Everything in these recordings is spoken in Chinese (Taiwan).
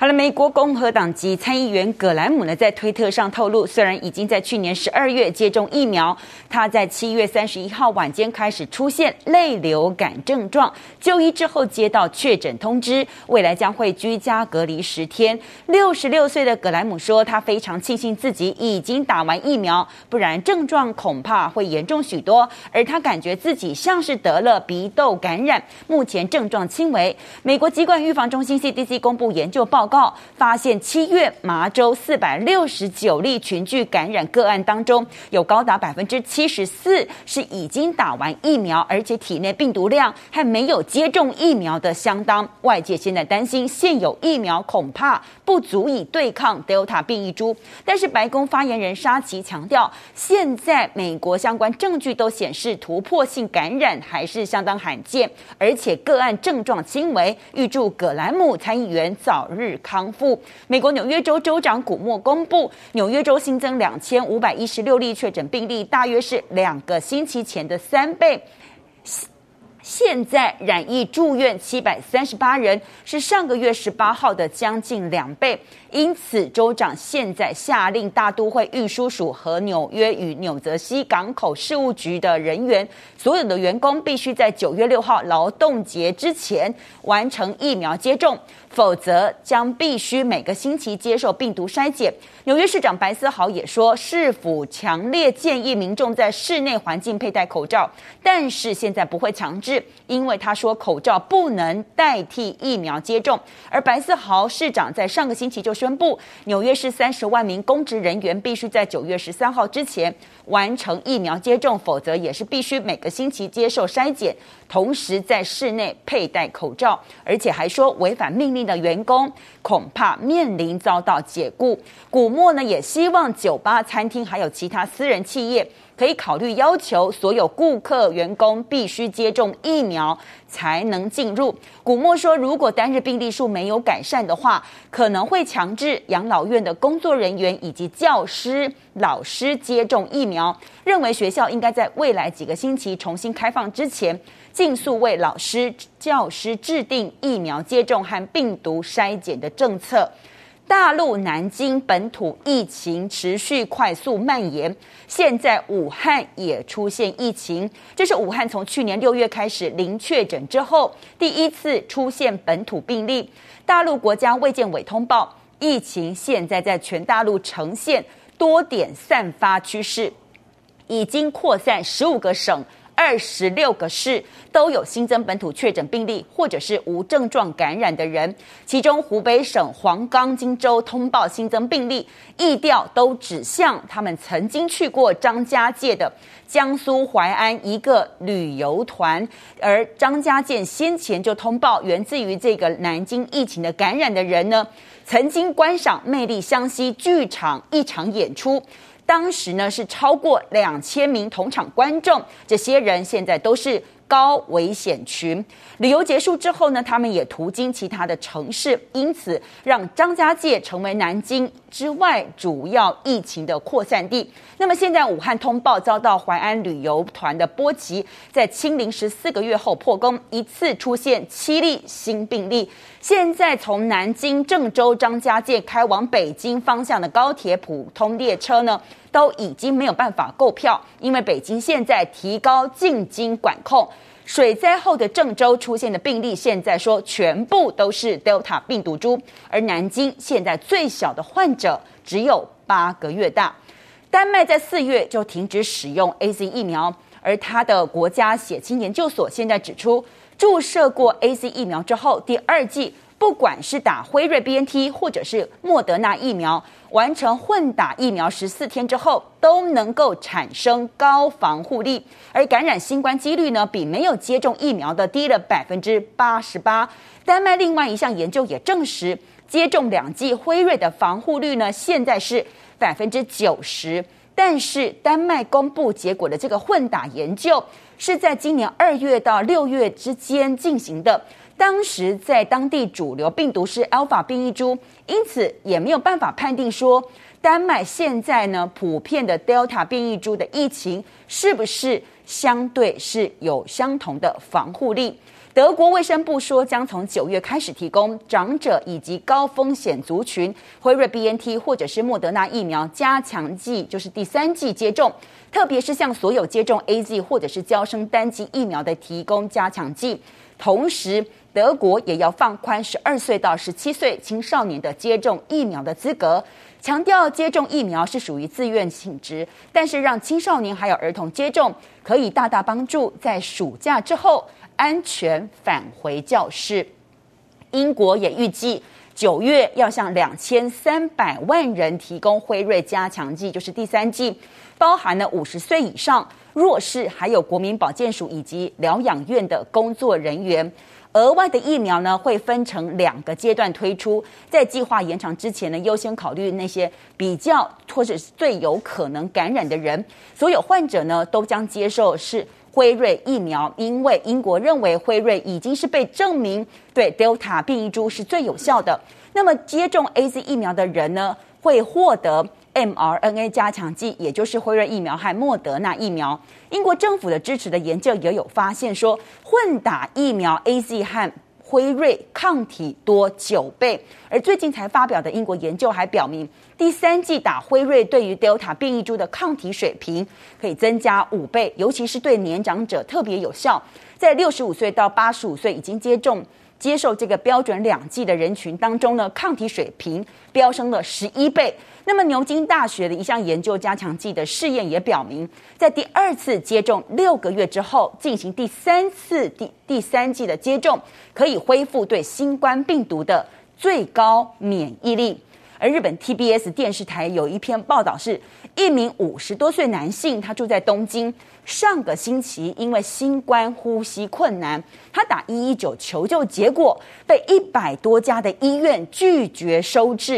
好了，美國共和黨籍參議員葛蘭姆呢，在推特上透露，雖然已經在去年十二月接種疫苗，他在七月三十一號晚間開始出現類流感症狀，就醫之後接到確診通知，未來將會居家隔離十天。六十六歲的葛蘭姆說，他非常慶幸自己已經打完疫苗，不然症狀恐怕會嚴重許多。而他感覺自己像是得了鼻竇感染，目前症狀輕微。美國疾管預防中心 CDC 公布研究報告。告發現，七月麻州四百六十九例群聚感染個案當中，有高達百分之七十四是已經打完疫苗，而且體內病毒量還沒有接種疫苗的相當。外界現在擔心，現有疫苗恐怕不足以對抗 Delta 變異株。但是白宮發言人沙奇強調，現在美國相關證據都顯示，突破性感染還是相當罕見，而且個案症狀輕微。預祝葛蘭姆參議員早日。康復。美國紐約州州長古莫公布，紐約州新增兩千五百一十六例確診病例，大約是兩個星期前的三倍。現在染疫住院七百三十八人，是上個月十八號的將近兩倍。因此，州長現在下令大都會運輸署和紐約與紐澤西港口事務局的人員，所有的員工必須在九月六號勞動節之前完成疫苗接種。否則將必須每個星期接受病毒篩檢。紐約市長白思豪也說，市府強烈建議民眾在室內環境佩戴口罩，但是現在不會強制，因為他說口罩不能代替疫苗接種。而白思豪市長在上個星期就宣布，紐約市三十萬名公職人員必須在九月十三號之前完成疫苗接種，否則也是必須每個星期接受篩檢，同時在室內佩戴口罩，而且還說違反命令。的員工恐怕面臨遭到解雇。古莫呢，也希望酒吧、餐廳還有其他私人企業，可以考慮要求所有顧客、員工必須接種疫苗才能進入。古莫說，如果單日病例數沒有改善的話，可能會強制養老院的工作人員以及教師、老師接種疫苗。認為學校應該在未來幾個星期重新開放之前，盡速為老師、教師制定疫苗接種和病毒篩檢的政策。大陸南京本土疫情持續快速蔓延，現在武漢也出現疫情，這是武漢從去年六月開始零確診之後第一次出現本土病例。大陸國家衛健委通報，疫情現在在全大陸呈現多點散發趨勢，已經擴散十五個省。二十六個市都有新增本土確診病例或者是無症狀感染的人，其中湖北省黃岡、荊州通報新增病例，疫調都指向他們曾經去過張家界的江蘇淮安一個旅遊團，而張家界先前就通報源自於這個南京疫情的感染的人呢，曾經觀賞魅力湘西劇場一場演出。當時呢，是超過兩千名同場觀眾，這些人現在都是高危險群。旅遊結束之後呢，他們也途經其他的城市，因此讓張家界成為南京。之外，主要疫情的擴散地。那麼現在武漢通報，遭到淮安旅遊團的波及，在清零十四個月後破功，一次出現七例新病例。現在從南京、鄭州、張家界開往北京方向的高鐵普通列車呢，都已經沒有辦法購票，因為北京現在提高進京管控。水災後的鄭州出現的病例，現在說全部都是 Delta 病毒株，而南京現在最小的患者只有八個月大。丹麥在四月就停止使用 AZ 疫苗，而他的國家血清研究所現在指出，注射過 AZ 疫苗之後，第二劑。不管是打輝瑞 BNT，或者是莫德納疫苗，完成混打疫苗十四天之後，都能夠產生高防護力，而感染新冠幾率呢，比沒有接種疫苗的低了百分之八十八。丹麥另外一項研究也證實，接種兩劑輝瑞的防護率呢，現在是百分之九十。但是丹麥公布結果的這個混打研究，是在今年二月到六月之間進行的。當時在當地主流病毒是 Alpha 變異株，因此也沒有辦法判定說丹麥現在呢普遍的 Delta 變異株的疫情是不是相對是有相同的防護力。德國衛生部說，將從九月開始提供長者以及高風險族群輝瑞 BNT 或者是莫德納疫苗加強劑，就是第三劑接種，特別是向所有接種 AZ 或者是嬌生單劑疫苗的提供加強劑，同時。德國也要放寬十二歲到十七歲青少年的接種疫苗的資格，強調接種疫苗是屬於自願性質，但是讓青少年還有兒童接種，可以大大幫助在暑假之後安全返回教室。英國也預計九月要向兩千三百萬人提供輝瑞加強劑，就是第三劑，包含了五十歲以上弱勢，還有國民保健署以及療養院的工作人員。額外的疫苗呢，會分成兩個階段推出，在計劃延長之前呢，優先考慮那些比較或者是最有可能感染的人。所有患者呢，都將接受是輝瑞疫苗，因為英國認為輝瑞已經是被證明對 Delta 變異株是最有效的。那麼接種 AZ 疫苗的人呢，會獲得。mRNA 加強劑，也就是輝瑞疫苗和莫德納疫苗。英國政府的支持的研究也有發現說，混打疫苗 AZ 和輝瑞抗體多九倍。而最近才發表的英國研究還表明，第三劑打輝瑞對於 Delta 變異株的抗體水平可以增加五倍，尤其是對年長者特別有效，在六十五歲到八十五歲已經接種。接受這個標準兩劑的人群當中呢，抗體水平飆升了十一倍。那麼牛津大學的一項研究，加強劑的試驗也表明，在第二次接種六個月之後進行第三次第第三劑的接種，可以恢復對新冠病毒的最高免疫力。而日本 TBS 電視台有一篇報道是。一名五十多歲男性，他住在東京。上個星期因為新冠呼吸困難，他打一一九求救，結果被一百多家的醫院拒絕收治。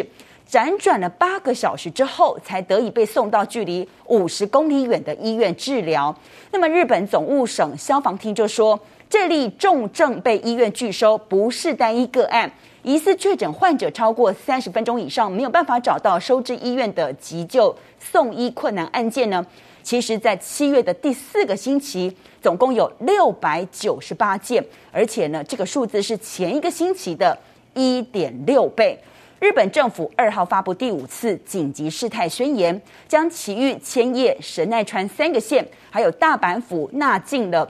輾轉了八個小時之後，才得以被送到距離五十公里遠的醫院治療。那麼，日本總務省消防廳就說，這例重症被醫院拒收，不是單一個案。疑似確診患者超過三十分鐘以上，沒有辦法找到收治醫院的急救送醫困難案件呢，其實，在七月的第四個星期，總共有六百九十八件，而且呢，這個數字是前一個星期的一點六倍。日本政府二號發布第五次緊急事態宣言，將埼玉千葉、神奈川三個縣，還有大阪府納進了。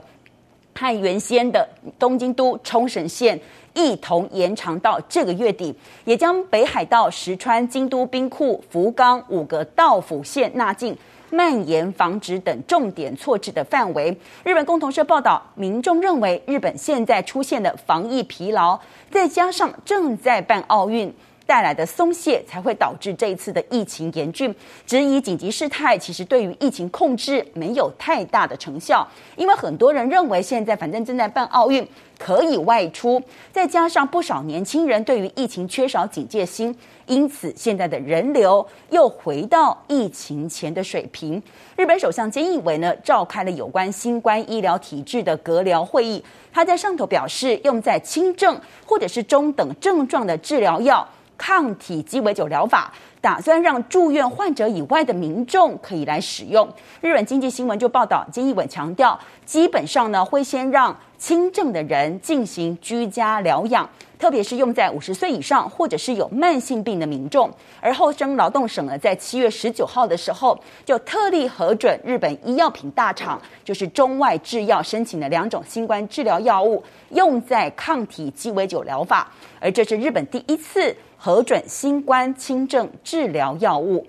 和原先的東京都、沖繩縣一同延長到這個月底，也將北海道、石川、京都、兵庫、福岡五個道府縣納進蔓延防止等重點措置的範圍。日本共同社報道，民眾認為日本現在出現的防疫疲勞，再加上正在辦奧運。帶來的鬆懈，才會導致這一次的疫情嚴峻。質疑緊急事態，其實對於疫情控制沒有太大的成效，因為很多人認為現在反正正在辦奧運，可以外出。再加上不少年輕人對於疫情缺少警戒心，因此現在的人流又回到疫情前的水平。日本首相菅義偉呢，召開了有關新冠醫療體制的閣僚會議，他在上頭表示，用在輕症或者是中等症狀的治療藥。抗體雞尾酒療法，打算讓住院患者以外的民眾可以來使用。日本經濟新聞就報道菅義偉強調，基本上呢，會先讓輕症的人進行居家療養，特別是用在五十歲以上或者是有慢性病的民眾。而厚生勞動省呢，在七月十九號的時候就特例核准日本醫藥品大廠，就是中外制藥申請的兩種新冠治療藥物，用在抗體雞尾酒療法，而這是日本第一次核准新冠輕症治療藥物。《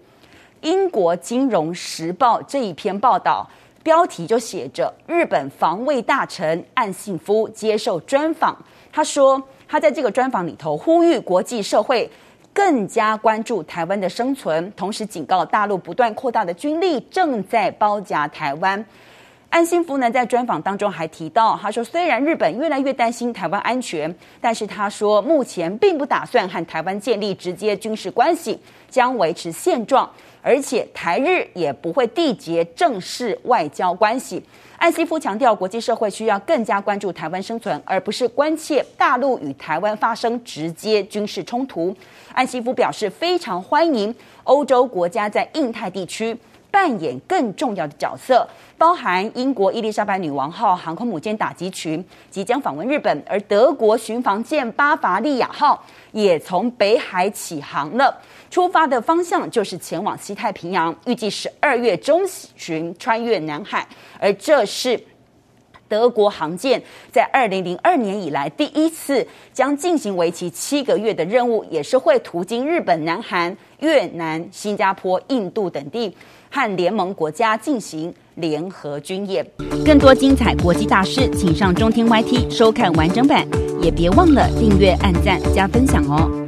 英國金融時報》這一篇報道標題就寫着：“日本防衛大臣岸信夫接受專訪，他說，他在這個專訪裡頭呼籲國際社會更加關注台灣的生存，同時警告大陸不斷擴大的軍力正在包夾台灣。”岸信夫呢在專訪當中還提到，他說雖然日本越來越擔心台灣安全，但是他說目前並不打算和台灣建立直接軍事關係，將維持現狀，而且台日也不會締結正式外交關係。岸信夫強調，國際社會需要更加關注台灣生存，而不是關切大陸與台灣發生直接軍事衝突。岸信夫表示，非常歡迎歐洲國家在印太地區。扮演更重要的角色，包含英國伊麗莎白女王號航空母艦打擊群即將訪問日本，而德國巡防艦巴伐利亞號也從北海起航了。出發的方向就是前往西太平洋，預計十二月中旬穿越南海，而這是。德國航艦在二零零二年以來第一次，將進行為期七個月的任務，也是會途經日本、南韓、越南、新加坡、印度等地和聯盟國家進行聯合軍演。更多精彩國際大事請上中天 YT 收看完整版，也別忘了訂閱、按讚、加分享哦。